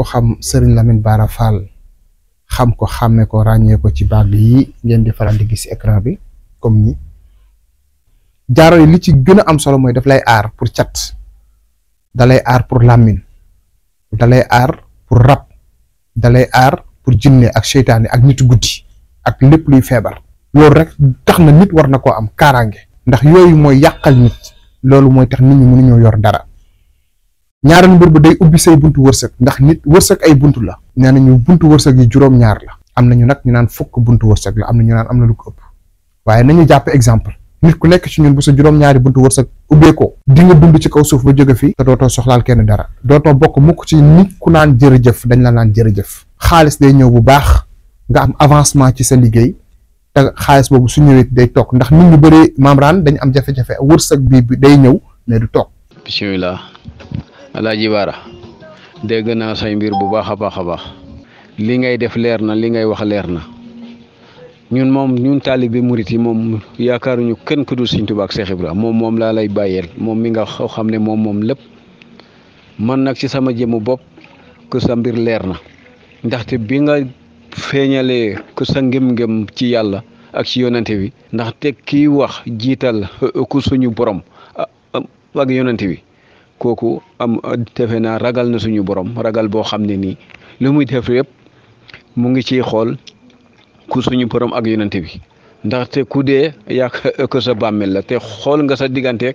ko xam Serigne Lamine Bara Fall xam ko xamé ko ragné ko ci bag yi ngeen di faral di gis écran bi comme ni jaaro li ci gëna am solo moy daf lay ar pour chat dalay ar pour lamine dalay ar pour rap dalay ar pour jinne ak seytaane ak nitu guddi ak lepp luy feebar lool rek tax nit war na ko am karange ndax yoyu moy yakal nit lolou moy tax nit ñi mënuñoo yor dara ñaareel mbir bi day ubbi say buntu wërsëg ndax nit wërsëg ay buntu la nee nañu buntu wërsëg yi juróom-ñaar la am nañu nag ñu naan fukk buntu wërsëg la am na ñu naan am na lu ko ëpp waaye ñu jàpp exemple nit ku nekk ci ñun bu sa juróom-ñaari buntu wërsëg ubbeekoo di nga dund ci kaw suuf ba jóge fi te dootoo soxlaal kenn dara dootoo bokk mukk ci nit ku naan jërëjëf dañ la naan jërëjëf xaalis day ñëw bu baax nga am avancement ci sa liggéey te xaalis boobu su ñëwee day toog ndax nit ñu bëree membrane dañ am jafe-jafe wërsëg bi day ñëw mais du toog bismillah alaji wara deg na say mbir bu baakha baakha baax li ngay def leer na li ngay wax leer na ñun mom ñun bi mouride yi moom yaakaaruñu kenn ku dul seigne touba ak cheikh ibrahim mom mom la lay bayel mom mi nga xamne mom mom lepp man nak ci sama jëm bop ku sa mbir leer na te bi nga feñale ku sa ngëm-ngëm ci yalla ak ci yonante bi te ki wax jital ku suñu borom ah, ah, ak yonante bi kooku am defe naa ragal na suñu borom ragal boo xam ne nii lu muy def yëpp mu ngi ci xool ku suñu borom ak yonent bi ndaxte ku dee yaa ko sa bàmmeel la te xool nga sa diggante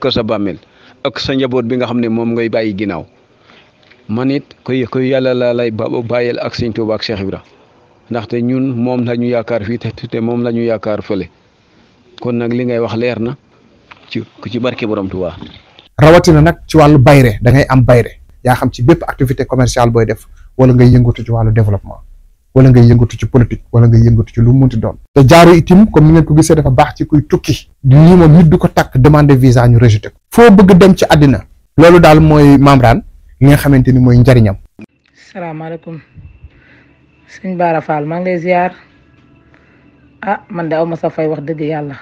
ko sa bàmmeel ak sa njaboot bi nga xam ne moom ngay bàyyi ginnaaw man it koy koy yàlla laa lay bàyyil ak sëñ Tuuba ak Cheikh Ibra ndaxte ñun moom la ñu yaakaar fii te moom la ñu yaakaar fële kon nag li ngay wax leer na ci ci barke borom Tuuba rawatina nak ci walu bayre da ngay am bayre ya xam ci bép activité commerciale boy def wala ngay yëngutu ci walu développement wala ngay yëngutu ci politique wala ngay yëngutu ci lu munti doon te jaaru itim comme ni ngeen ko gisee dafa bax ci kuy tukki nit duko tak demander visa ñu rejeté ko foo bëgg dem ci adina mamran, dal moy mamran li nga xamanteni moy mooy njariñam salaamaaleykum sëñ Bara Fall ma ngi ziar ah man de awma sa fay wax deug yalla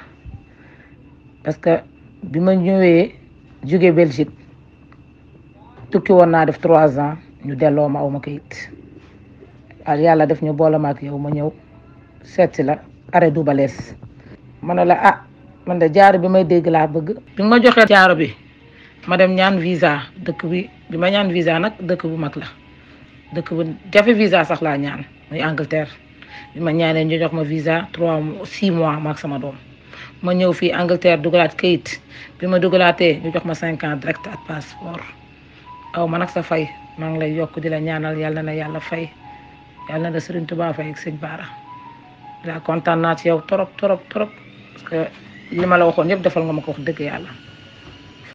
parce que bima ñëwé jóge Belgique tukki woon naa def trois ans ñu delloo ma aw ma kayit yàlla def ñu boole ma yow ma ñëw seet la arrêt du balees ma ne la ah man de jaaro bi may dégg laa bëgg bi ma joxee jaaro bi ma dem ñaan visa dëkk bi bi ma ñaan visa nag dëkk bu mag la dëkk bu jafe visa sax laa ñaan muy Angleterre bi ma ñaanee ñu jox ma visa trois six mois maag sama doom ma ñëw fii Angleterre dugalaat kayit bi ma dugalaatee ñu jox ma 5 ans direct at passeport aw ma nag sa fay ma ngi lay yokk di la ñaanal yàlla na yàlla fay yàlla na la Serigne Touba fay ak sëñ Baara la kontaan naa ci yow torop torop torop parce que li ma la waxoon yëpp defal nga ma ko wax dëgg yàlla.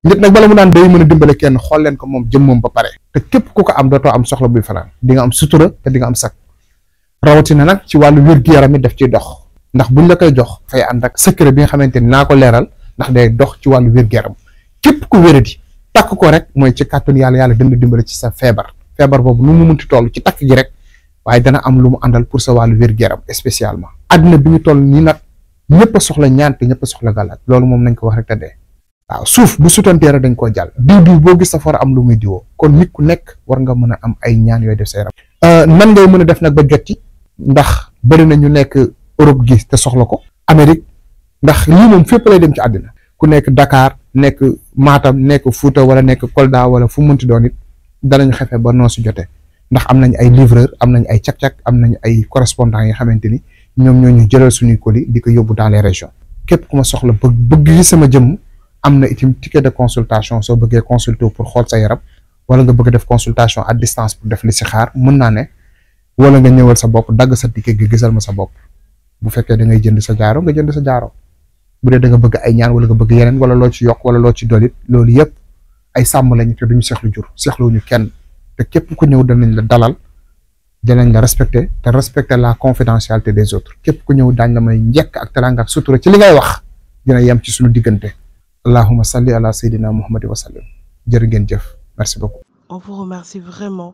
nit nag bala mu naan day mën a dimbale kenn xool leen ko moom jëmmam ba pare te képp ku ko am dootoo am soxla buy fanaan di nga am sutura te di nga am sakk rawatina nag ci wàllu wér-gu-yaram yi daf ciy dox ndax buñ la koy jox fay ànd ak secret bi nga xamanteni ni naa ko leeral ndax day dox ci walu wir geram kep ku wéradi tak ko rek moy ci kàttun yalla yalla dina dimbale ci sa febar febar bobu nu mu munti tollu ci tak gi rek waye dana am lu mu andal pour sa walu wir geram spécialement adna bi ñu toll ni nak ñepp soxla ñaan te ñëpp a soxla galat lolu mom nañ ko wax rek te dee suuf bu sutanteera dañ ko jall bi bi bo gis for am lu muy diwo kon nit ku nek war nga mëna am ay ñaan yoy def sa euh nan ngay mëna def nak ba jotti ndax bari na ñu nek Europe gi te soxla ko Amérique ndax lii moom fépp lay dem ci àddina ku nekk dakaar nekk Matam nekk Fouta wala nekk Kolda wala fu ti doon it danañ xefe ba noo si jotee ndax am nañ ay livreur am nañ ay cak-cak am nañ ay correspondant yi xamante ni ñoom ñoo ñu jëlal suñuy colis di ko yóbbu dans les régions képp ku ma soxla bëgg bëgg sama jëmm am na itam ticket de consultation soo bëggee consulter pour xool sa yaram wala nga bëgg def consultation à distance pour def li si xaar mën naa ne wala nga ñëwal sa bopp dagg sa ticket gi gisal ma sa bopp bu fekkee da ngay jënd sa jaaro nga jënd sa jaaro bu dee da nga bëgg ay ñaan wala nga bëgg yeneen wala loo ci yokk wala loo ci dolit loolu yëpp ay sàmm lañu te duñu seexlu jur seexluwuñu kenn képp ku ñëw danañ la dalal danañ la respecté te respecté la confidentialité la may njekk ak teraanga ak sutura ci li ngay wax dina yem ci suñu diggante allahuma salli ala sayyidina muhammadi wa sallim jërë ngeen jëf merci beaucoup on vous remercie vraiment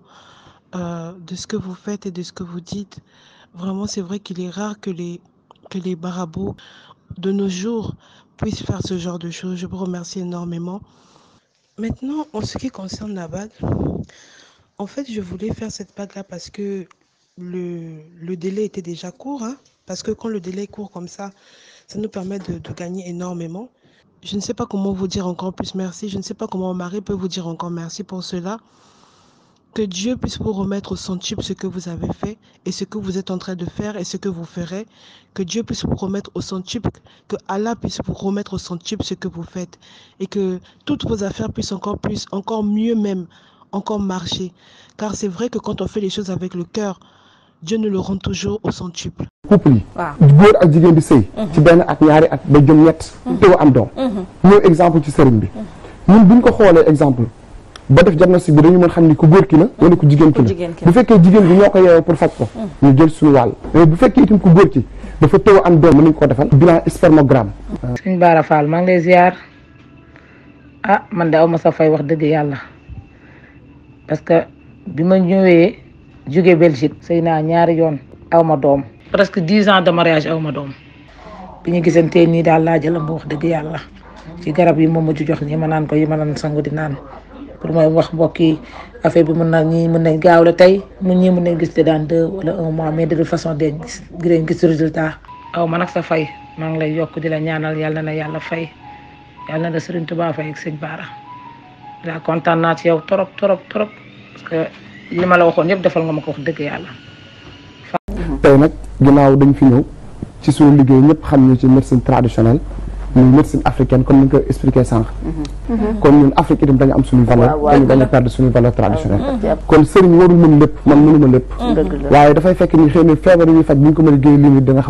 euh, de ce que vous faites et de ce que vous dites Vraiment, c'est vrai qu'il est rare que les, que les de nos jours puissent faire ce genre de choses. Je vous remercie énormément. Maintenant, en ce qui concerne la bague, en fait, je voulais faire cette bague-là parce que le, délai était déjà court. Hein. parce que quand le délai est court comme ça, ça nous permet de, de gagner énormément. Je ne sais pas comment vous dire encore plus merci. Je ne sais pas comment Marie mari peut vous dire encore merci pour cela. Que Dieu puisse vous remettre au centuple ce que vous avez fait et ce que vous êtes en train de faire et ce que vous ferez. Que Dieu puisse vous remettre au centuple, que Allah puisse vous remettre au centuple ce que vous faites et que toutes vos affaires puissent encore plus, encore mieux même, encore marcher. Car c'est vrai que quand on fait les choses avec le cœur, Dieu nous le rend toujours au centuple. ba def diagnostic bi dañu mën xam ni ku góor ki la wala ku jigéen ki la bu fekkee jigéen bi ñoo ko yeewoo pour faj ko hmm. ñu bu fekkee itam ku góor ki dafa tëw am doom mën nañ ko defal bilan spermogramme hmm. suñ Bara Fall maa ngi lay ziar ah man de aw ma sa fay wax dëgg yàlla parce que bi ma ñëwee jóge Belgique sëy naa ñaari yoon aw ma doom presque dix ans de mariage aw ma doom bu ñu gisantee nii daal laa jëlam ba wax dëgg yàlla ci garab yi moom ma ci jox nii ma naan ko yi ma naan sangu di naan pour mooy wax mbokk yi affaire bi mën na ñii mën na gaaw la tey mu ñii mën nañ gis te daan deux wala un mois mais de toute façon de gis dinañ gis résultat aw man sa fay maa ngi lay yokk di la ñaanal yàlla na yàlla fay yàlla na Serigne Touba fay ak sëñ Baara daa kontaan naa ci yow trop trop trop parce que li ma la waxoon yëpp defal nga ma ko wax dëgg yàlla tey nag ginnaaw dañ fi ñëw ci suñu liggéey ñëpp xam ñu ci médecine traditionnelle muy médecine africaine comme ni nga ko expliqué sànq. kon ñun Afrique itam dañu am mm-hmm. mm-hmm. ni ko mën a génne limite dina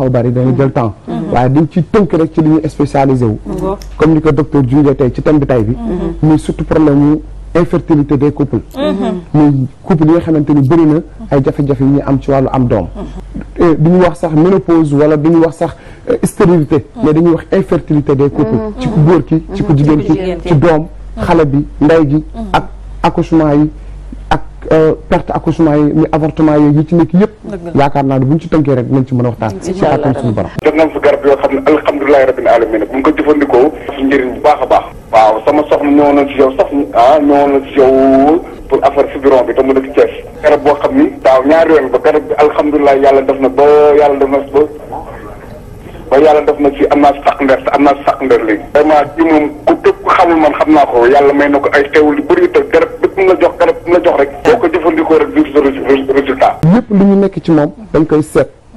mm-hmm. comme ni ko docteur Diouf ci thème bi tey bi. muy surtout problème infertilité de couples mhm. muy couple yi nga xamante ni bëri na ay jafe-jafe yi ñu am ci wàllu am doom mhm. eh, du ñu wax sax ménopause wala du ñu wax sax eh, stérilité mhm. mais dañuy wax infertilité de couples ci ku góor ki ci ku jigéen ki ci doom xale bi ndey gi ak accouchement yi ak euh, perte accouchement yi muy avortement yooyu yi ci nekk yëpp yaakaar naa ne bu ñu ci tënkee rek dinañ ci mën a waxtaan ci kàttan suñu borom jot nañ fi garab yoo xam ne alhamdulilahi rabbil alamin bu ñu ko a baax waaw sama soxna ñëwoon na ci yow sax ah ñëwoon na ci yow pour affaire fibiron bi te mu dëkk Thiès. garab boo xam ni daaw ñaari yoon ba garab bi alhamdulilah yàlla def na boo yàlla def na ba yàlla def na ci am naa si sàq ndeer am naa si sàq ndeer léegi. vraiment ci moom ku tëb xamul man xam naa ko yàlla may na ko ay xewul yu bëri te garab bépp mu la jox garab mu la jox rek. boo ko jëfandikoo rek du résultat. lépp lu ñu nekk ci moom dañ koy seet.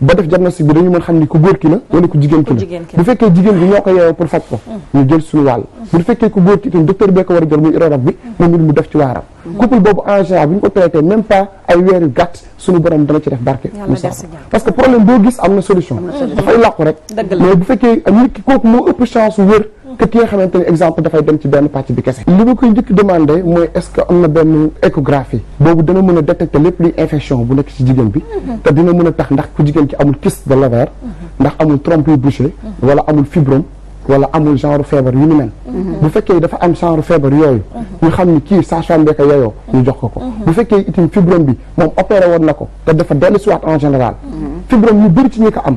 ba def diagnostic bi dañu mën xamni ku góor ki la wala ku jigen ki la bu fekke jigen bi ñoko ko pour faj ko ñu jël suñu wal bu fekke ku góor ki tan docteur bee ko war jël muy urologue bi mo ngi mu def ci waram couple bobu en général buñ ko traité même pas ay weer yu gàtt suñu borom dana ci def barke parce que problème do gis amna solution dafay làqu rek mais bu fekke nit ki kooku mo ëpp chance wér que ki nga xamante ni exemple dafay dem ci benn pàcc bi kese. li bu koy njëkk demandé mooy est-ce que am na benn échographie boobu dana mën a détecter lépp luy infection bu nekk ci jigéen bi mhm. te dina mën a tax ndax ku jigéen ki amul kyste de l'ovaire mhm. ndax amul trompe yu mhm. wala amul fibrome wala amul genre feebar yu ni mel bu fekkee dafa am genre feebar yooyu ñu xam ni kii sage-femme bi ko ñu jox ko ko bu fekkee itam fibrome bi moom opéré woon na ko te dafa dellusiwaat en général fibrome yu bëri ci ñi ko am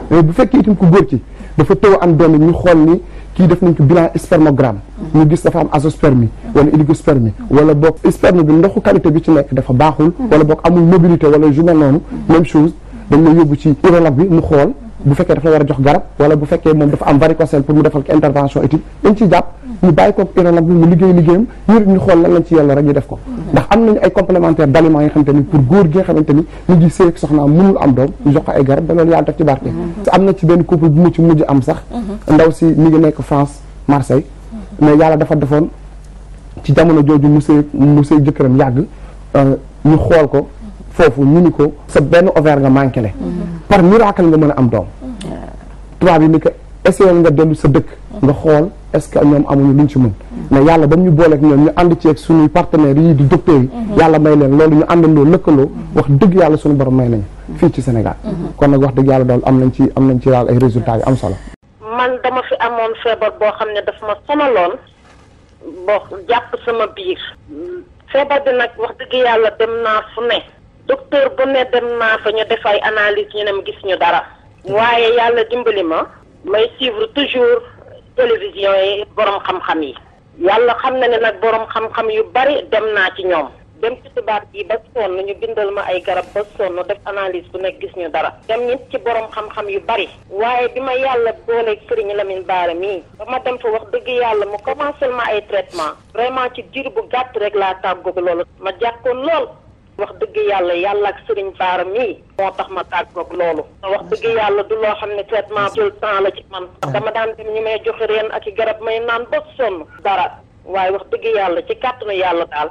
mais bu fekkee itam ku góor ci dafa tëw am doom ñu xool ni kii def nañ ko bilan spermogramme ñu gis dafa am azoospermie wala oligospermie wala boog sperme bi ndoxu qualité bi ci nekk dafa baaxul wala book amul mobilité wala ju mel noonu même chose dañ la yóbbu ci urologue bi mu xool bu fekkee dafa war a jox garab wala bu fekkee moom dafa am varicocèle pour mu defal ko intervention éthique dañ ciy jàpp ñu bàyyi ko urologue bi mu liggéey liggéeyam ñurit ñu xool lan lañ ci yàlla rek ñu def ko ndax am nañu ay complémentaire d' aliment yi nga xamante ni pour góor gi nga xamante ni mu ngi séy ak soxnaam mënul am doom ñu jox ko ay garab da loolu yàlla def ci barke am na ci benn couple bu mu ci mujj am sax ndaw si mi ngi nekk France Marseille mais yàlla dafa defoon ci jamono jooju mu séy mu séy euh, ñu xool ko foofu ñu ni ko sa benn ovaire nga manqué le par miracle nga mën a am doom tubaab yi ni ko essayé dellu sa dëkk nga xool est-ce que ñoom amuñu ñu ci mën mais yàlla ba mu ñu booleeg ñoom ñu ànd ci ak suñuy partenaires yi di docteurs yi mhm. yàlla may leen loolu ñu àndandoo lëkkaloo wax dëgg yàlla suñu borom may nañu mhm. fii ci Sénégal mhm. kon nag wax dëgg yàlla daal am nañ ci am nañ ci daal ay résultat yu am solo man dama fi amoon feebar boo xam ne daf ma sonaloon boo jàpp sama docteur bu ne dem naa fa ñu def ay analyse ñu ne ma gis ñu dara waaye yàlla dimbali ma may suivre toujours télévision yi borom xam-xam yi yàlla xam na ne nag borom xam-xam yu bari dem naa ci ñoom dem ci tubaab yi ba sonn ñu bindal ma ay garab ba sonn def analyse bu nekk gis ñu dara dem nit ci borom xam-xam yu bari waaye bi ma yàlla boole la Lamine Bara mii ba ma dem fa wax dëgg yàlla mu commencé ma ay traitement vraiment ci diir bu gàtt rek laa tàggoog lool wax dëgg yàlla yàlla ak sëriñ Baara mii moo tax ma tàggook loolu wax dëgg yàlla du loo xam ne traitement jël temps la ci man dama daan dem ñu may joxe reen ak i garab may naan ba sonn dara waaye wax dëgg yàlla ci kàttanu yàlla daal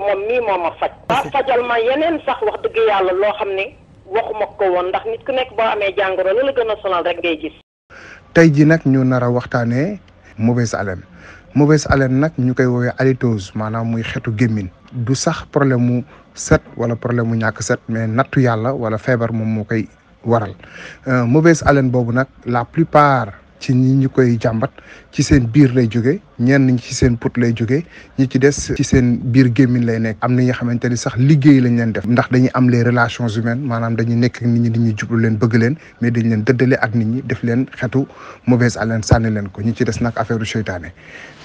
moom mii moo ma faj waa fajal ma yeneen sax wax dëgg yàlla loo xam ne waxuma ko woon ndax nit ku nekk boo amee jàngoro la la gën a sonal rek ngay gis tey ji nag ñu nar a waxtaanee mauvaise haleine mauvaise haleine nag ñu koy woowee halitose maanaam muy xetu gémmin du sax problème mu set wala problème mu ñàkk set mais nattu yàlla wala feebar moom moo koy waral euh, mauvaise haleine boobu nag la plupart ci ñi ñu koy jàmbat ci seen biir lay jóge ñenn nañ ci seen put lay jóge ñi ci des ci seen biir gémmiñ lay nekk am na ñoo xamante ni sax liggéey lañ leen def ndax dañuy am les relations humaines maanaam dañuy nekk nit ñi dañuy jublu leen bëgg leen mais dañ leen dëddale ak nit ñi def leen xetu mauvaise haleine sànni leen ko ñi ci des nag affaire u seytaane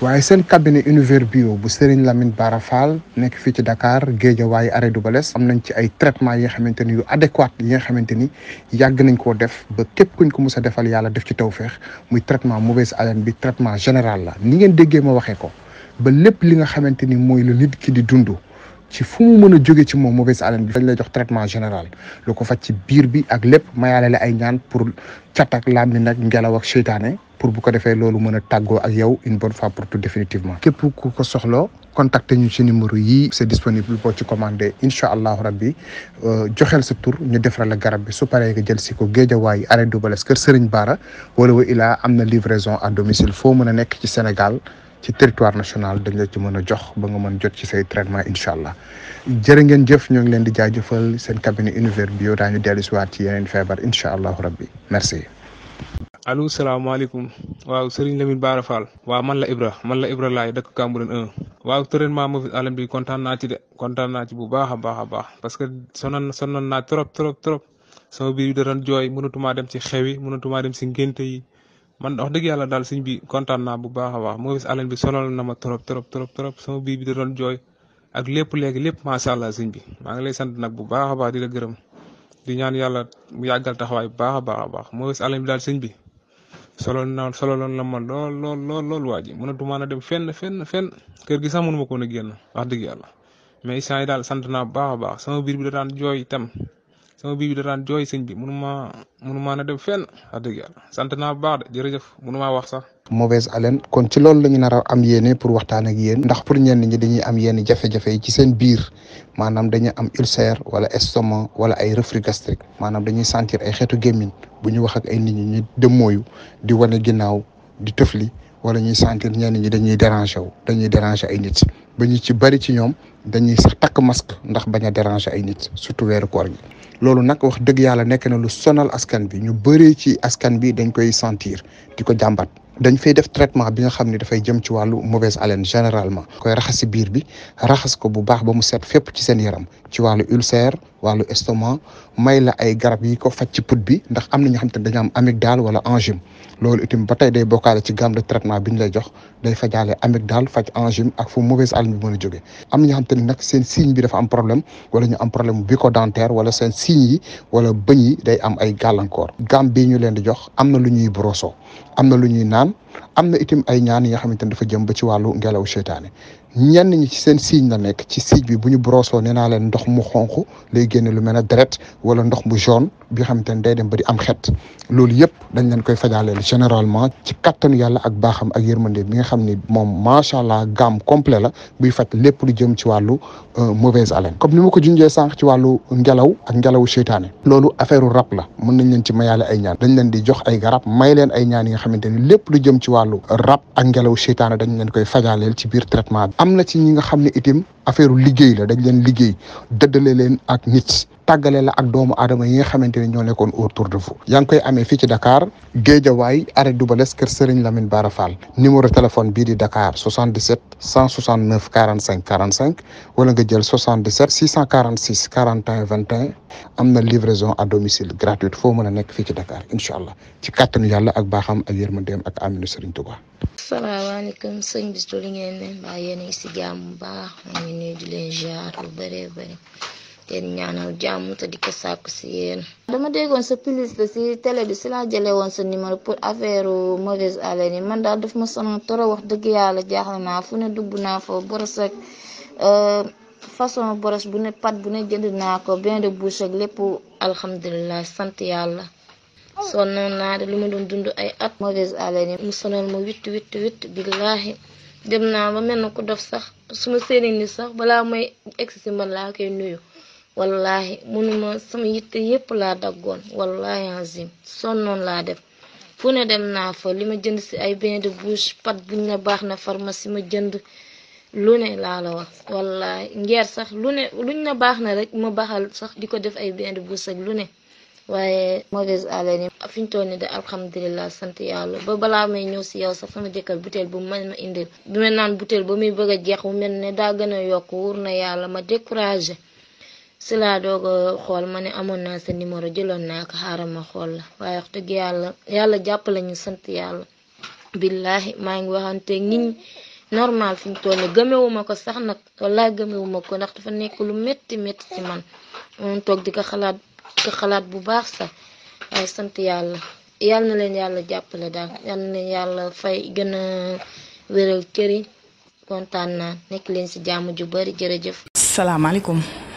waaye seen cabinet univers bio bu Serigne Lamine Bara Fall nekk fii ci Dakar Guédiawaye du Dubalès am nañ ci ay traitement yi nga xamante ni yu yi nga xamante ni yàgg nañ koo def ba képp kuñ ko mos a defal yàlla def ci tawfeex muy traitement mauvaise haleine bi traitement général la ni ngeen déggee ma waxee ko ba lépp li nga xamante ni mooy lu nit ki di dund ci fu mu mën a jóge ci moom mauvaise haleine bi. dañ lay jox traitement général lu ko faj ci biir bi ak lépp mayaalale ay ñaan pour cat ak laam nag ngelaw ak seytaane pour bu ko defee loolu mën a tàggoo ak yow une bonne fois pour tout définitivement. képp ku ko soxla contacté ñu ci numéro yii. c'est disponible boo ci commandé incha allahu rabbi euh, joxeel sa tur ñu defaral la garab bi su paree nga jël si ko Géejawaay arrêt Double Less kër Serigne Bara wala wa ilaa am na livraison à domicile foo mën a nekk ci Sénégal. ci territoire national dañ la ci mëna jox ba nga mëna jot ci say traitement inshallah allah ngeen jëf ñu ngi leen di jaajëfal seen cabinet univers bio dañu délu ci waat ci yeneen feebar inshallah rabbi merci allo alaykum waaw serigne lamin baara fall waaw man la ibra man la ibra lay dekk kamburen 1 waaw traitement mauvaise alam bi kontaan na ci de kontaan na ci bu baaxa baaxa baax parce que sonon sonon na trop trop trop sama bi du doon jooy mënatumaa dem ci xewi yi dem ci ngenté yi man wax dëgg yàlla daal sëñ bi kontaan naa bu baax a baax moo Maurice Allen bi sonal na ma trop trop trop trop sama biir bi da doon jooy ak lépp léegi lépp macha allah sëñ bi maa ngi lay sant nag bu baax a baax di la gërëm di ñaan yàlla mu yàggal taxawaay bu baax a baax a baax Maurice Allen bi daal sëñ bi solo na solo na ma lool lool lool lool waa ji mënatu maa na dem fenn fen fenn kër gi sax mënuma ko woon a génn wax dëgg yàlla mais instant daal sant baax a baax sama biir bi da daan jooy tam sama bii bi da daan jooy sëñ bi mënuma mënuma na dem feen wax dëgg sant naa bu baax de jërëjëf mënuma wax sax. mauvaise haleine kon ci loolu la ñu nar a am yéene pour waxtaan yéen ndax pour ñenn ñi dañuy am yenn jafe-jafe ci seen biir maanaam dañuy am ulcère wala estomac wala ay reflux gastrique maanaam dañuy sentir ay xeetu gémmiñ bu ñu wax ak ay nit ñi ñu dëmmooyu di wane ginnaaw di tëfli wala ñuy sentir ñenn ñi dañuy déranger wu dañuy déranger ay nit ba ñu ci bari ci ñoom dañuy sax takk masque ndax bañ a déranger ay nit surtout weeru koor gi. loolu nag wax dëgg yàlla nekk na lu sonal askan bi ñu bëree ci askan bi dañ koy sentir di ko jàmbat. dañ fay def traitement bi nga xam ne dafay jëm ci wàllu mauvaise haleine généralement. koy raxas si biir bi raxas ko bu baax ba mu set fépp ci seen yaram ci wàllu ulcère. wàllu estomac may la ay garab yi ko faj ci put bi ndax am na ñoo xam te dañu am amygdale wala angine loolu itim ba tey day bokkaale ci gamme de traitement bi ñu lay jox day fajaale amygdale faj angine ak fu mauvaise haleine bi mën a jóge am na ñoo xam te ni nag seen bi dafa am problème wala ñu am problème bu bucco-dentaire wala seen signe yi wala bëñ yi day am ay gàllankoor gamme bii ñu leen di jox am na lu ñuy broso am na lu ñuy naan am na itim ay ñaan yi nga xamante ni dafa jëm ba ci wàllu ngelaw seytaane ñenn ñi ci seen signe la nekk ci signe bi bu ñu brosoo nee naa leen ndox mu xonq lay génne lu mel ne deret wala ndox mu jaune bi xam te ne day dem ba di am xet loolu yëpp dañ leen koy fajaaleel généralement ci kattanu yàlla ak baaxam ak yërmande bi nga xam ni moom macha allah gamme complet la buy faj lépp lu jëm ci wàllu euh, mauvaise haleine comme ni ma ko junjee sànq ci wàllu ngelaw ak ngelawu seytaane loolu affaire rab la mën nañ leen ci mayaale ay ñaan dañ leen di jox ay garab may leen ay ñaan yi nga xamante ni lépp lu jëm ci wàllu rab ak ngelaw seytaane dañ leen koy fajaaleel ci biir traitement am na ci ñi nga xam ne itam affaire liggéey la dañ leen liggéey dëddale leen ak nit tàggale la ak doomu aadama yi nga xamante ne ñoo nekkoon autour de vous yaa koy amee fii ci Dakar Géejawaay arrêt Dubalès kër Serigne Lamine Bara Fall numéro téléphone bii di Dakar 77 169 45 45 wala nga jël 77 646 41 21 am na livraison à domicile gratuite foo mën a nekk fii Dakar incha allah ci kàttanu yàlla ak baaxam a ngi si jàmm bu baax ñu ngi ken ñaanal jàmm te di ko sàkku si yéen dama déggoon sa publicité si télé bi si laa jëlee woon sa numéro pour affaire mauvaise haleine yi man daal daf ma sonal trop wax dëgg yàlla jaaxle naa fu ne dugg naa fa boros ak euh, façon boros bu ne pat bu ne jënd naa ko bien de bouche ak lépp alhamdulilah sant yàlla sonnoon naa de lu ma doon dund ay at mauvaise haleine yi mu sonal ma witt witt witt billahi dem naa ba mel na ku dof sax suma seeni ni sax balaa may egsi si man laa koy nuyu wallahi munuma sama yitte yépp laa daggoon wallahi azim sonnoon laa def fu ne dem naa fa li ma jënd si ay bain de bouche pat buñ ne baax na pharmacie ma jënd lu ne laa la wax wallahi ngeer sax lu ne luñ na baax na rek ma baaxal sax di ko def ay bain de bouche ak lu ne waaye mauvaise haleine fi ñu toll nii de alhamdulilah sant yàlla ba balaa may ñëw si yow sax sama jëkkër butéel bu man ma indil bi ma naan butéel ba muy bëgg a jeex bu mel ne daa gën yokk wóor na yàlla ma découragé si laa doog xool ma ne amoon naa sa numéro jëloon naa ko xaaral ma xool la waaye wax dëgg yàlla yàlla jàppale ñu sant yàlla billahi maa ngi waxante nit ñi normal fi ñu toll gëmewuma ko sax nag walla gëmewuma ko ndax dafa nekk lu métti metti ci man moom toog di ko xalaat bu baax sax waaye sant yàlla yàlla leen yàlla jàppale daal yàlla na yàlla fay gën a wéral cëri kontaan naa nekk leen si jàmm ju bari jërëjëf. salaamaaleykum.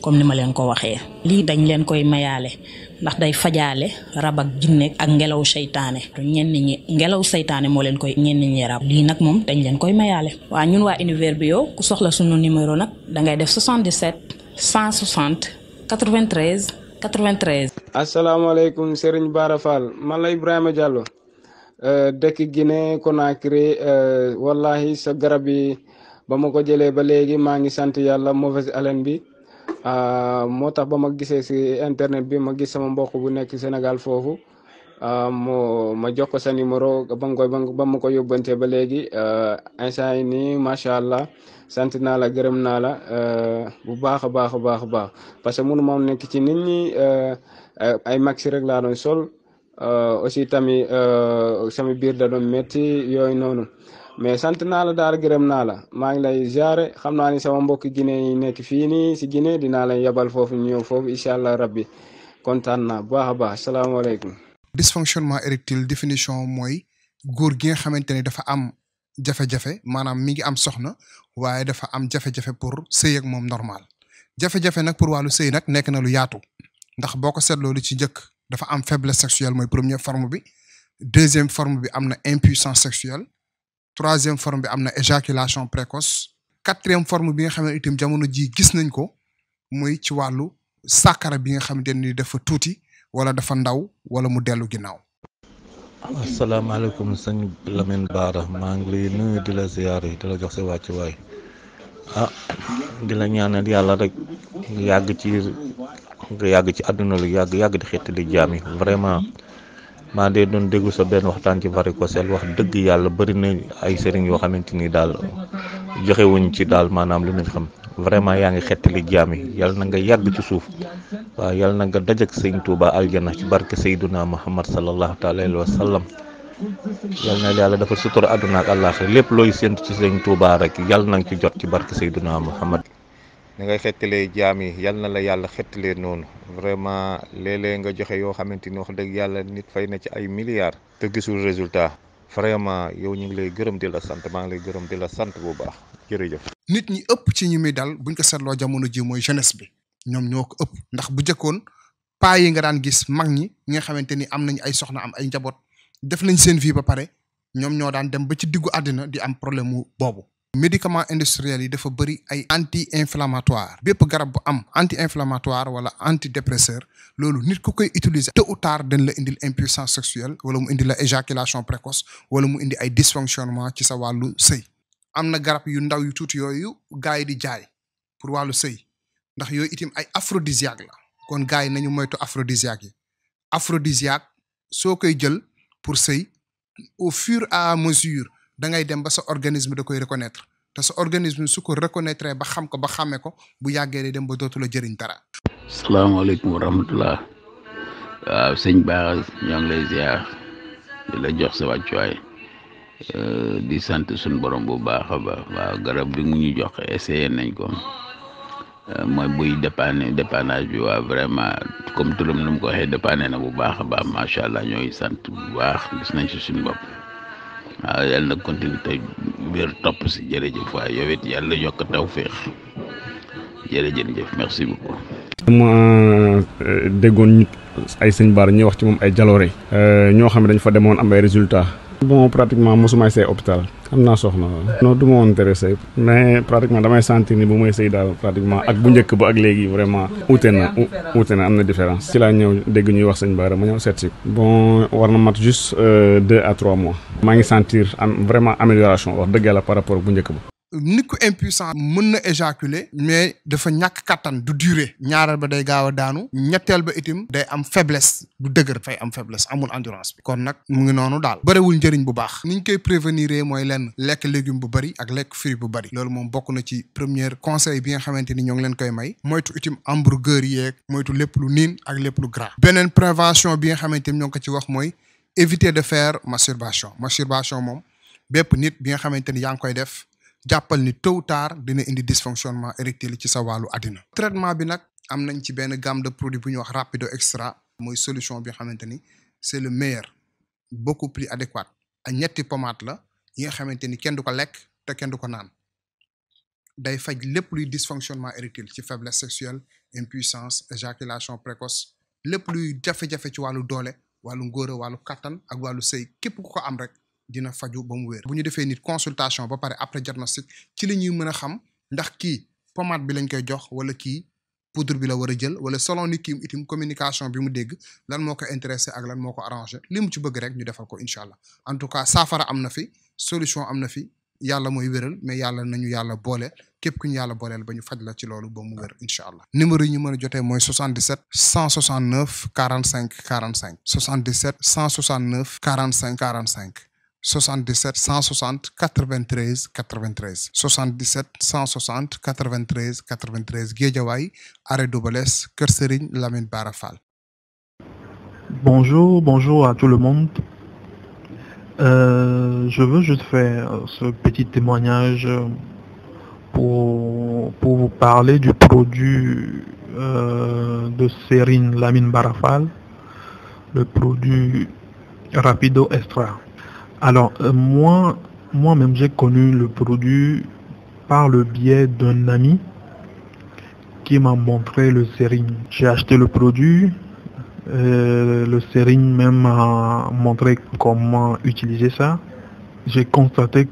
comme ni ma leen ko waxee lii dañ leen koy mayaale ndax day fajaale rab ak ak ngelaw seytaane ñenn ñi ngelaw seytaane moo leen koy ñenn ñi rab lii nag moom dañ leen koy mayaale waa ñun waa bi bio ku soxla sunu numéro nag dangay def 77 160 93 93 asalaamaaleykum Serigne Bara Fall man la a Diallo euh, dëkk Guinée Conakry euh, wallahi sa garab ba ma ko jëlee ba léegi maa ngi sant yàlla mauvaise haleine bi Ah, moo tax ba ma gisee si internet bi ma gis sama mbokk bu nekk Sénégal foofu ah, moo ma jox ko sa numéro ba mu ba mu ko yóbbante ba léegi ah, instant yi nii macha allah sant naa la gërëm naa la bu baax a baax baax baax parce que mënu ma nekk ci nit ñi ay maxi rek laa doon sol aussi tamit sama biir da doon métti yooyu noonu. mais sant na la daal gërëm naa la maa ngi lay ziare xam naa ni sama mbokki guine yi nekk fii nii si guine dinaa leen yabal foofu ñëw foofu incha allah rabbi kontaan naa bu baax a baax salaamaaleykum. dysfonctionnement érectile définition mooy góor gi nga xamante ni dafa am jafe-jafe maanaam mi ngi am soxna waaye dafa am jafe-jafe pour sëy ak moom normal jafe-jafe nag pour wàllu sëy nag nekk na lu yaatu ndax boo ko seetloo lu ci njëkk dafa am faiblesse sexuelle mooy première forme bi deuxième forme bi am na impuissance sexuelle. troisième forme bi am na éjaculation précoce quatrième forme bi nga xam ne itam jamono ji gis nañ ko muy ci wàllu sàkkara bi nga xamante ni dafa tuuti wala dafa ndaw wala mu dellu ginnaaw. asalaamaaleykum sëñ Lamine Bara maa ngi lay nuyu di la ziyaar yi di la jox sa wàccuwaay ah di la ñaanal yàlla rek yàgg ci yàgg ci àdduna lu yàgg yàgg di xettali jaam yi vraiment. maa dee doon déglu sa benn waxtaan ci varicocèle wax dëgg yàlla bëri na ay sëriñ yoo xamante nii daal joxewuñ ci daal maanaam lu ñu xam vraiment yaa ngi xettali jaam yi yàlla na nga yàgg ci suuf waaw yàlla na nga dajak sëñ Touba aljana ci barke Seyduna Muhammad sallallahu taala alayhi wa sallam yàlla na yàlla dafa sutura àdduna ak lépp looy séntu ci sëñ Touba rek yàlla na nga ci jot ci barke Seyduna Muhammad ni ngay xettalee jaam yi yal na la yàlla xettalee noonu vraiment léeg-léeg nga joxe yoo xamante ni wax dëgg yàlla nit fay na ci ay milliards te gisul résultat vraiment yow ñu ngi lay gërëm di la sant maa lay gërëm di sant bu baax jërëjëf. nit ñi ëpp ci ñi muy dal buñ ko seetloo jamono ji mooy jeunesse bi ñoom ñoo ko ëpp ndax bu njëkkoon paa yi nga daan gis mag ñi nga xamante ni am nañu ay soxna am ay njaboot def nañ seen fii ba pare ñoom ñoo daan dem ba ci diggu àddina di am problème mu boobu médicament industriel yi dafa bëri ay anti inflammatoire bépp garab bu am anti inflammatoire wala antidépresseur loolu nit ku koy utiliser tôt ou tard la indil impuissance sexuelle wala mu indi la éjaculation précoce wala mu indi ay dysfonctionnement ci sa wàllu sey am na garab yu ndaw yu tuuti yooyu gars yi di jaay pour wàllu sëy ndax yooyu itim ay aphrodisiaque la kon gars yi nañu moytu aphrodisiaque yi aphrodisiaque soo koy jël pour sëy au fur et à mesure da ngay dem ba sa organisme da koy reconnaître te sa organisme su ko reconnaître ba xam ko ba xàmme ko bu yàggee day dem ba dootu la jëriñ dara. salaamaaleykum wa rahmatulah waaw sëñ Ba ñoo ngi lay ziar di la jox sa wàccuwaay euh, di sant suñu borom bu baax a baax garab bi mu jox essayé nañ ko. Euh, mooy buy dépanne dépannage bi waaw vraiment comme turam nu mu ko waxee dépanne na bu baax a baax macha allah ñooy sant bu baax gis nañ ci suñu bopp. waaw ah, yàlla na continue te wér topp si jërëjëf waaye yow it yàlla yokk tawféex jeuf merci beaucoup. mo degon nit ay seigne bar ñi wax ci mom ay jaloore. Euh, ñoo xam ne dañ fa demone am ay resultat bon pratiquement mosuma see hôpital amna soxna no du ma woon intéressé mais pratiquement damay sentir ni bu may sey dal pratiquement ak bu ñëk bu ak légui vraiment outé na outé na amna différence ci la ñëw dégg ñuy wax seigne bar ma ñëw seet si bon warna mat juste 2 euh, à 3 mois maa ngi sentir am vraiment amélioration wax dëgg yàlla par rapport ak bu njëkk ba. nit ku impuissant mën na éjaculer mais dafa ñàkk kattan du durer ñaareel ba day gaaw a daanu ñetteel ba itim day am faiblesse du dëgër fay am faiblesse amul endurance bi kon nag mu ngi noonu daal bëriwul njëriñ bu baax ni ñu koy prévenir mooy lenn lekk légume bu bari ak lekk fruit bu bari loolu moom bokk na ci premier conseil bi nga xamante ni ñoo ngi leen koy may moytu itim hamburger yeeg moytu lépp lu niin ak lépp lu gras beneen prévention bi nga xamante ni ñoo ko ci wax mooy éviter de faire masturbation masturbation mom, bep nit bi nga xamante ni koy def jàppal ni tôt ou tard dina indi dysfonctionnement érectile ci sa walu adina traitement bi nak am nañ ci ben gamme de produits bu ñu wax rapido extra moy solution bi xamanteni c'est le meilleur beaucoup plus adéquat ak ñetti pomade la yi nga xamanteni ni kenn du ko te kenn duko ko naan day faj lepp luy dysfonctionnement érectile ci faiblesse sexuelle impuissance éjaculation précoce lepp luy jafé jafé ci walu doole wàllu ngóora wàllu kattan ak wàllu sëy képp ku ko am rek dina faju ba mu wér. bu ñu defee nit consultation ba pare après diagnostic ci la ñuy mën a xam ndax kii pommade bi lañ koy jox wala kii poudre bi la war a jël wala selon ni kii itim communication bi mu dégg lan moo ko intéressé ak lan moo ko arrangé li mu ci bëgg rek ñu defal ko incha allah en tout cas saafara am na fi solution am na fi yàlla mooy wéral mais yàlla nañu yàlla boole. képp ku la ci loolu ba mu wér incha numéro ñu 77 169 45 45 77 169 45 45 77 160 93 93 77 160 93 93 Guédiawaye arrêt Doubalès Kër Serigne Lamine Bara Fall. Bonjour, bonjour à tout le monde. Euh, je veux juste faire ce petit témoignage euh, pour, pour vous parler du produit euh, de Serine Lamine Barafal, le produit Rapido Extra. Alors euh, moi, moi-même j'ai connu le produit par le biais d'un ami qui m'a montré le Serine. J'ai acheté le produit, euh, le Serine même m'a montré comment utiliser ça. J'ai constaté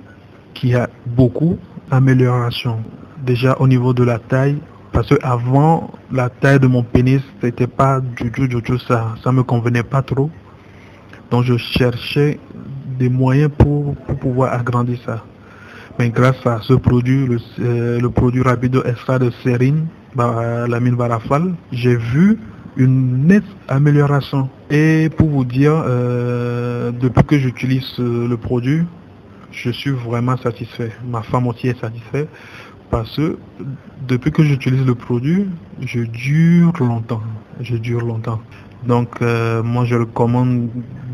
qu'il y a beaucoup amélioration. Déjà au niveau de la taille, parce que avant la taille de mon pénis, c'était pas du tout, du tout ça. Ça me convenait pas trop. Donc je cherchais des moyens pour, pouvoir agrandir ça. Mais grâce à ce produit, le, euh, le produit Rapido Extra de Serine, bah, la mine j'ai vu une nette amélioration. Et pour vous dire, euh, depuis que j'utilise euh, le produit, je suis vraiment satisfait. Ma femme aussi est satisfaite parce que depuis que j'utilise le produit, je dure longtemps. Je dure longtemps. Donc euh, moi je recommande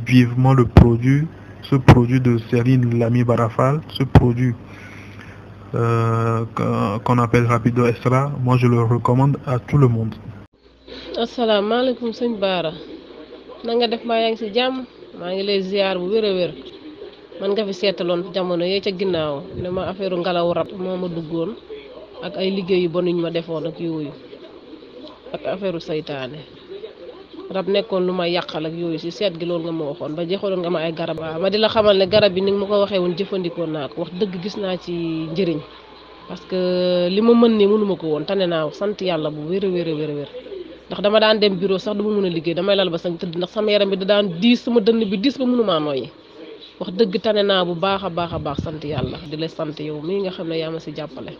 vivement le produit, ce produit de Céline Lamy Barafal, ce produit euh, qu'on appelle Rapido Extra, moi je le recommande à tout le monde. man nga fi seetaloon jamono ye ca ginnaw dama ma affaireu ngalaw moo ma duggon ak ay liggéey yu bonuñ ma defoon ak yoyu ak affaireu saytane rab nekkon luma yakal ak yoyu ci seet gi lol nga ma waxon ba jeexaloon nga ma ay garab ba dila di xamal ne garab bi ni ma ko waxee woon jëfandikoo naa ko wax dëgg gis na ci njëriñ parce que ma ni munu mako won woon tane naa bu wéré wéré wéré wéré ndax dama daan dem bureau sax duma ma liggéey damay lal ba sañ tëdd ndax sama yaram bi daan diis sama dënn bi diis ba wax dëgg tane naa bu baax a baax a baax sant yàlla di la sant yow mii nga xam ne yaa ma si jàppale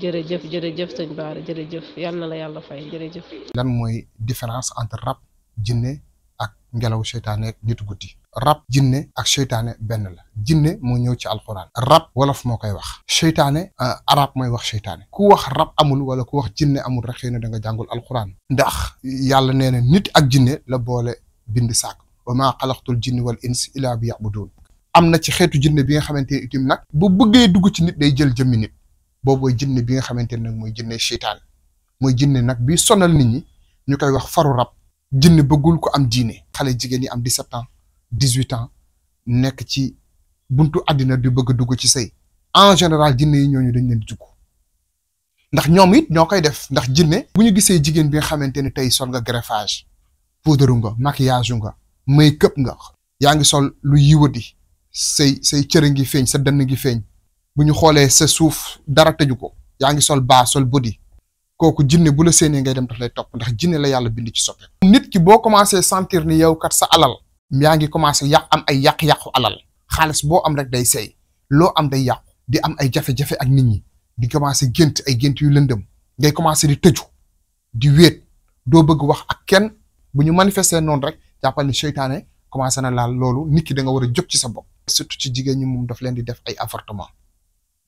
jërëjëf jërëjëf sëñ Bara jërëjëf yàlla na la yàlla fay jërëjëf. lan mooy différence entre rab jinne ak ngelaw seytaane ak nitu guddi. rab jinne ak seytaane benn la jinne moo ñëw ci alxuraan rab wolof moo koy wax seytaane euh, arab mooy wax seytaane ku wax rab amul wala ku wax jinne amul rek xëy na da nga jàngul alxuraan ndax yàlla nee nit ak jinne la boole bind sàkk وما خلقت الجن والانس الا ليعبدون امنا سي خيتو جن بيغا خامتيني اتيم ناك بو بوغي دوجو سي نيت داي جيل جيم نيت بوبو جن بيغا خامتيني ناك موي جن شيطان موي جن ناك بي سونال نيت ني نيكاي واخ فارو راب جن بغول كو ام ديني خالي جيغيني ام 17 عام 18 عام نيك سي بونتو ادنا دي بوغا دوجو سي ساي ان جينيرال جن ني ньо ญ و دنج نين دوجو ndax ñom it ñokay def ndax jinné buñu gisé jigen bi xamanténi tay son nga greffage poudre nga maquillage nga may këpp nga yaa ngi sol lu yiwadi say say cër ngi feeñ sa dënn ngi feeñ bu ñu xoolee sa suuf dara tëju ko yaa ngi sol baa sol bodi kooku jinne bu la séenee ngay dem daf lay topp ndax jinne la yàlla bind ci soppe nit ki boo commencé sentir ni yow kat sa alal yaa ngi commencé yàq am ay yàq-yàqu alal xaalis boo am rek day seey loo am day yàqu di am ay jafe-jafe ak nit ñi di commencé gént ay gént yu lëndëm ngay commencé di tëju di wéet doo bëgg wax ak kenn bu ñu manifester noonu rek jàppal ni seytaane commencé na laal loolu nit ki da war a jot ci sa bopp. surtout ci jigéen ñu moom daf leen di def ay avortement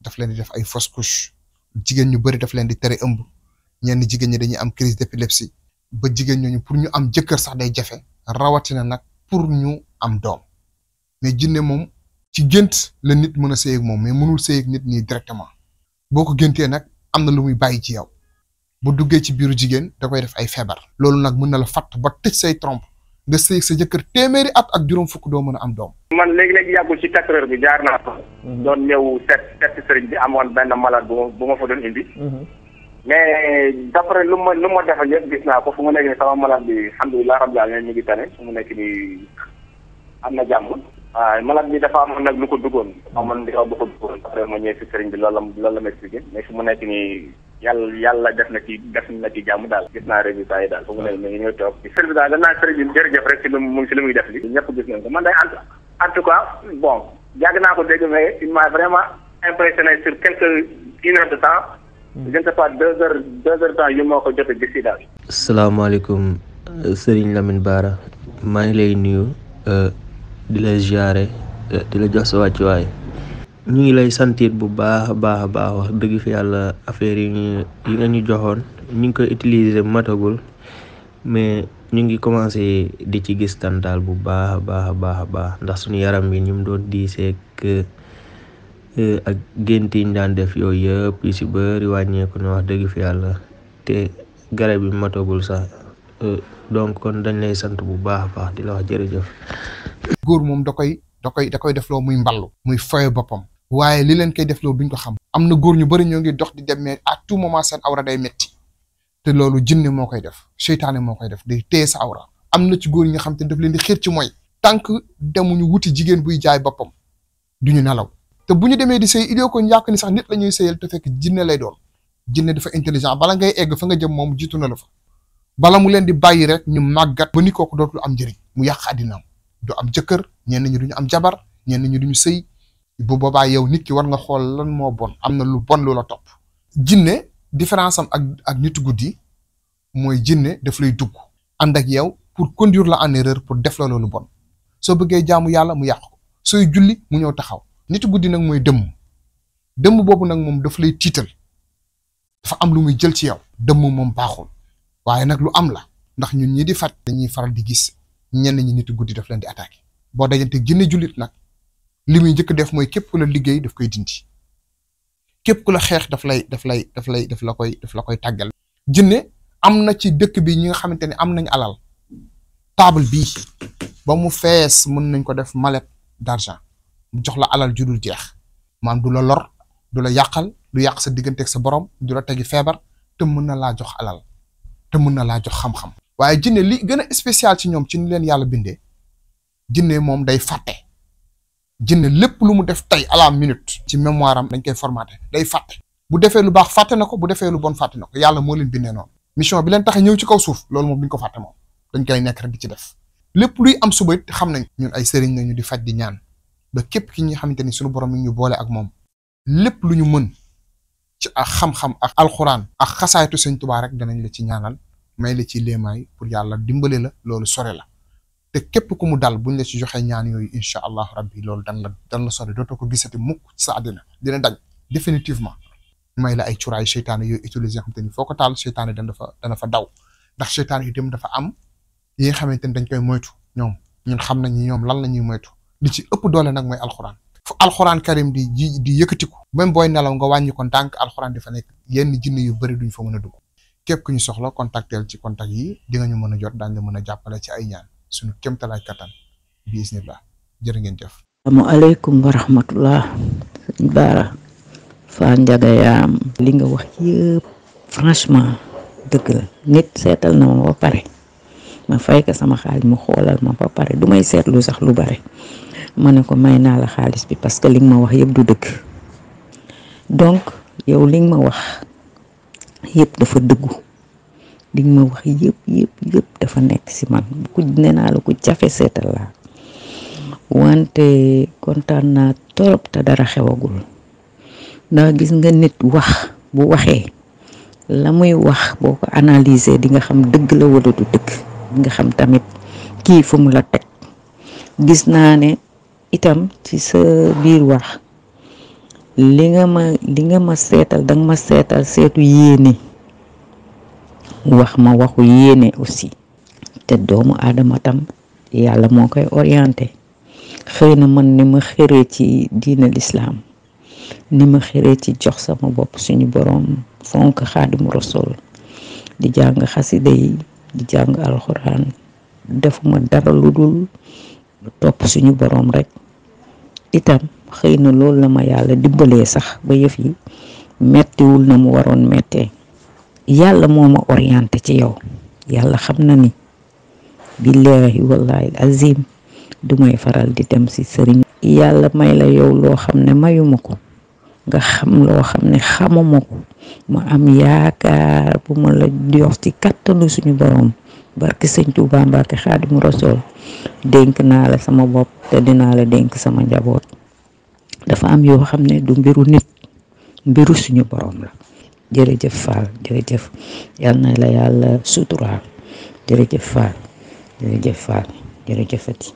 daf leen di def ay fausse couche jigéen ñu bëri daf leen di tere ëmb ñenn jigéen ñi dañuy am crise d'épilepsie ba jigéen ñooñu pour ñu am jëkkër sax day jafe rawatina nag pour ñu am doom mais jinne moom ci gént la nit mën a sëy moom mais mënul sëy ak nit nii directement boo ko géntee nag am na lu muy bàyyi ci yow bu duggee ci biiru jigéen da koy def ay feebar loolu nag mën na la fatt ba tëj say trompe nga sëy sa jëkkër téeméeri at ak juróom fukk doo mën a am doom. man léegi-léegi yàggul ci quatre heures bi jaar naa ko. Mhm. doon ñëw seet seet sëriñ bi amoon benn malade bu bu ma fa doon indi. Mhm. mais d'après lu ma lu ma defal yëpp gis naa ko fu mu nekk nii sama malade bi alhamdulilah rabbil alamin ñu ngi tane fu mu nekk nii am na jàmm. waaw malade bi dafa amoon nag lu ko duggoon dafa amoon li ko duggoon après ma ñëwee si sëriñ bi loolu la loolu la ma expliqué mais fu yàlla def na ci def na ci jàmm daal gis naa résultat yi daal fu mu nekk nii ñëw toog sëriñ bi daal danaa sëriñ si lu muy def li ñëpp gis nañ ko man day en tout cas bon yàgg naa ko dégg mais il m'a vraiment impressionné sur quelques une heure de temps hmm. je ne sais pas deux heures deux heures de temps yu moo ko jot a gis yi daal sëriñ euh, Lamine Bara maa ngi lay nuyu euh, di lay ziare eh, di la jox sa wàccuwaay ñu ngi lay santit bu baax a baax a baax wax dëgg fi yàlla affaire yi ñu yi nga ñu joxoon ñu ngi koy utiliser matagul mais ñu ngi commencé di ci gis daal bu baax a baax a baax a baax ndax suñu yaram bi ñu mu doon diisee ak eh, gént ñu daan def yooyu yëpp yu si bëri wàññeeku na wax dëgg fi yàlla te garab yi matagul sax eh, donc kon dañ lay sant bu baax a baax di la wax jërëjëf góor moom da koy da koy da koy defloo muy mballu muy faye boppam waaye li leen koy defloo duñ ko xam am na góor ñu bari ñoo ngi dox di dem mais à tout moment seen awra day metti te loolu jinne moo koy def seytaane moo koy def day téye sa awra am na ci góor yi nga xam te daf leen di xir ci mooy tànk demuñu wuti jigéen buy jaay boppam ñu nelaw te bu ñu demee di sëy idée ko njàkk ni sax nit la ñuy sëyal te fekk jinne lay doon jinne dafa intelligent bala ngay egg fa nga jëm moom jiitu na la fa bala mu leen di bàyyi rek ñu màggat ba ni kooku dootul am njëriñ mu yàq àddinaam du am jëkkër ñenn ñu du ñu am jabar ñenn ñu du ñu sëy bu boobaa yow nit ki war nga xool lan moo bon am na lu bon lu la topp. jinne différence am ak ak nitu guddi mooy jinne daf lay dugg ànd ak yow pour conduire la en pour def la lu bon soo bëggee jaamu yàlla mu yàqu ko sooy julli mu ñëw taxaw nitu guddi nag mooy dëmm dëmm boobu nag moom daf lay tiital dafa am lu muy jël ci yow dëmm moom baaxul waaye nag lu am la ndax ñun ñi di faj dañuy faral di gis ñen ñi nit guddi daf leen di attaquer bo dajante jinne julit nak limuy jëk def moy képp ku la liggéey daf koy dindi képp ku la xex daf lay daf lay daf lay daf la koy daf la koy taggal jinné amna ci dëkk bi ñi nga xamanteni amnañ alal table bi ba mu fess mën nañ ko def mallette d'argent mu jox la alal judul jeex maanaam du la lor du la yakal du yak sa digganteeg sa borom du la tegi feebar te mën na la jox alal te mën na la jox xam-xam waaye jinne li gën a spécial ci ñoom ci ni leen yàlla bindee jinne moom day fàtte jinne lépp lu mu def tey à la minute ci mémoire am dañ koy formate day fàtte bu defee lu baax fàtte na ko bu defee lu bon fàtte na yàlla moo leen bindee noonu mission bi leen tax ñëw ci kaw suuf loolu moom duñ ko fàtte moom dañ koy nekk rek di ci def lépp luy am suba it xam nañ ñun ay sëriñ nañu di faj di ñaan ba képp ki ñu xamante ni suñu borom mi ñu boole ak moom lépp lu ñu mën ci ak xam ak alxuraan ak xasaaytu sëñ rek danañ la ci ñaanal mayle ci lemay pour yàlla dimbale la lolu sore la te képp ku mu dal buñ la ci joxé ñaan yoy incha allahu rabbi lolu dan la dan la sore doto ko gissati mukk sa àddina dina dañ définitivement may ay ciuray shaytan yoy utiliser xam te ni foo ko taal seytaane dana fa daw ndax shaytan yu dem dafa am yi nga xamante dañ koy moytu ñom ñun xam nañu ñom lan lañuy moytu li ci ëpp doole nak moy alcorane fu alcorane karim di di yëkkatiku même boy nalaw nga wañi ko tank alcorane dafa nek yenn jinn yu bari duñ fa mëna dugg képp ku ñu soxla contactel ci contact yi di nga ñu mën a jot daañu mën a jàppale ci ay ñaan suñu kéemtalaay katan bismillah jërë ngeen jëf. asalaamaaleykum wa rahmatullah sëñ Baara Fa Njaga yaam li nga wax yëpp franchement dëgg la nit seetal na ma ba pare ma fay ko sama xaal mu xoolal ma ba pare du may seetlu sax lu bare ma ne ko may naa la xaalis bi parce que li nga ma wax yëpp du dëgg donc yow li nga ma wax. yëpp dafa dëggu li ma wax yëpp yëpp dafa nekk ci man ku nee naa la ku jafe seetal laa wante kontaan naa torop te dara xewagul ndax gis nga nit wax bu waxee la muy wax boo ko analyser di nga xam dëgg la wala du dëgg di nga xam tamit kii fu mu la teg gis naa ne itam ci sa biir wax li nga ma seetal danga ma seetal seetu yéene wax ma waxu yéene aussi te doomu aadama tam yàlla moo koy orienté xëy na man ni ma xëree ci diina lislaam ni ma xëree ci jox sama bopp suñu boroom fonk xaadimu rasul di jàng xasida yi di jàng alxuraan defuma dara lu dul topp suñu boroom rekk itam xëy na loolu la ma yàlla dimbalee sax ba yëf yi mettiwul na mu waroon mettee yàlla moo ma orienté ci yow yàlla xam na ni billaahi wallaahi azim du may faral di dem si sëriñ yàlla may la yow loo xam ne mayuma ko nga xam loo xam ne xamuma ko ma am yaakaar bu ma la jox ci kattanu suñu borom barki sëñ Tuubaa Mbàkke Xaadimu Rasuul dénk naa la sama bopp te dinaa la dénk sama njaboot dafa am yoo xam ne du mbiru nit mbiru suñu borom la jërëjëf Fall jërëjëf yal na la yàlla suturaal jërëjëf Fall jërëjëf Fall jërëjëfati